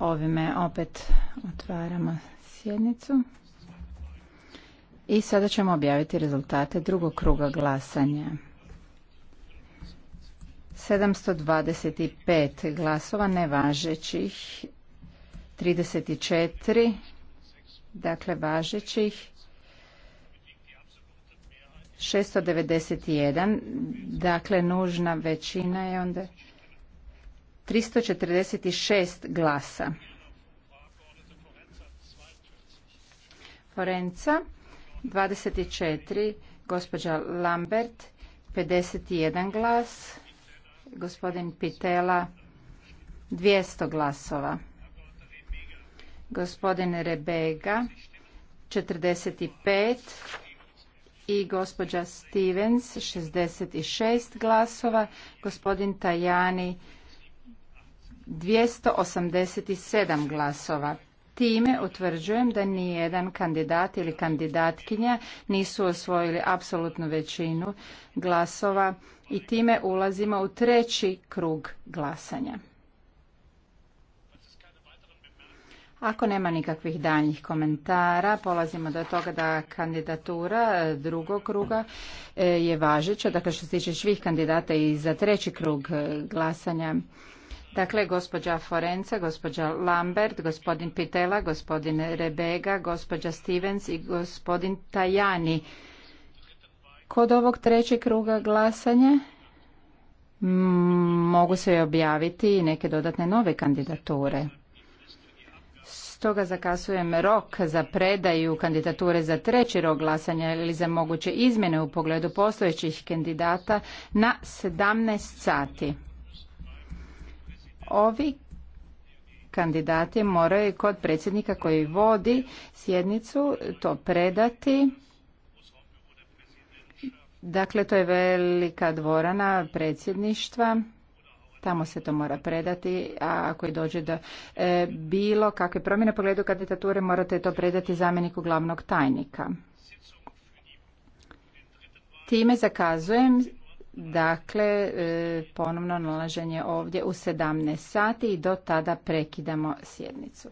Ovime opet otvaramo sjednicu. I sada ćemo objaviti rezultate drugog kruga glasanja. 725 glasova nevažećih, 34 dakle važećih, 691 dakle nužna većina je onda 346 glasa. Forenca 24, gospođa Lambert 51 glas, gospodin Pitela 200 glasova, gospodin Rebega 45 i gospođa Stevens 66 glasova, gospodin Tajani 287 glasova. Time utvrđujem da jedan kandidat ili kandidatkinja nisu osvojili apsolutnu većinu glasova i time ulazimo u treći krug glasanja. Ako nema nikakvih daljnjih komentara, polazimo do toga da kandidatura drugog kruga e, je važeća, dakle što se tiče svih kandidata i za treći krug e, glasanja. Dakle, gospođa Forenca, gospođa Lambert, gospodin Pitela, gospodin Rebega, gospođa Stevens i gospodin Tajani. Kod ovog trećeg kruga glasanja mogu se objaviti i neke dodatne nove kandidature. Stoga zakasujem rok za predaju kandidature za treći rok glasanja ili za moguće izmjene u pogledu postojećih kandidata na 17 sati. Ovi kandidati moraju kod predsjednika koji vodi sjednicu to predati. Dakle, to je velika dvorana predsjedništva. Tamo se to mora predati, a ako i dođe do e, bilo kakve promjene pogledu kandidature, morate to predati zamjeniku glavnog tajnika. Time zakazujem Dakle, e, ponovno nalaženje ovdje u 17 sati i do tada prekidamo sjednicu.